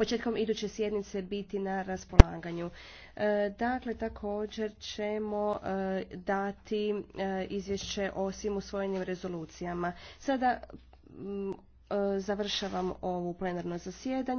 početkom iduće sjednice biti na raspolaganju. E, dakle, također ćemo e, dati e, izvješće o svim usvojenim rezolucijama. Sada završavam ovu plenarno zasjedanje.